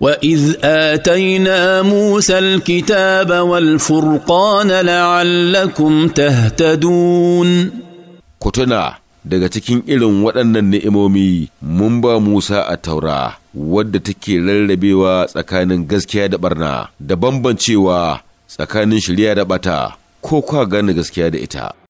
واذ اتينا موسى الكتاب والفرقان لعلكم تهتدون كتنا daga cikin irin waɗannan ni'imomi mun ba Musa a taura wadda take rarrabewa tsakanin gaskiya da ɓarna, da bambancewa tsakanin shirya da ɓata ko kwa gane gaskiya da ita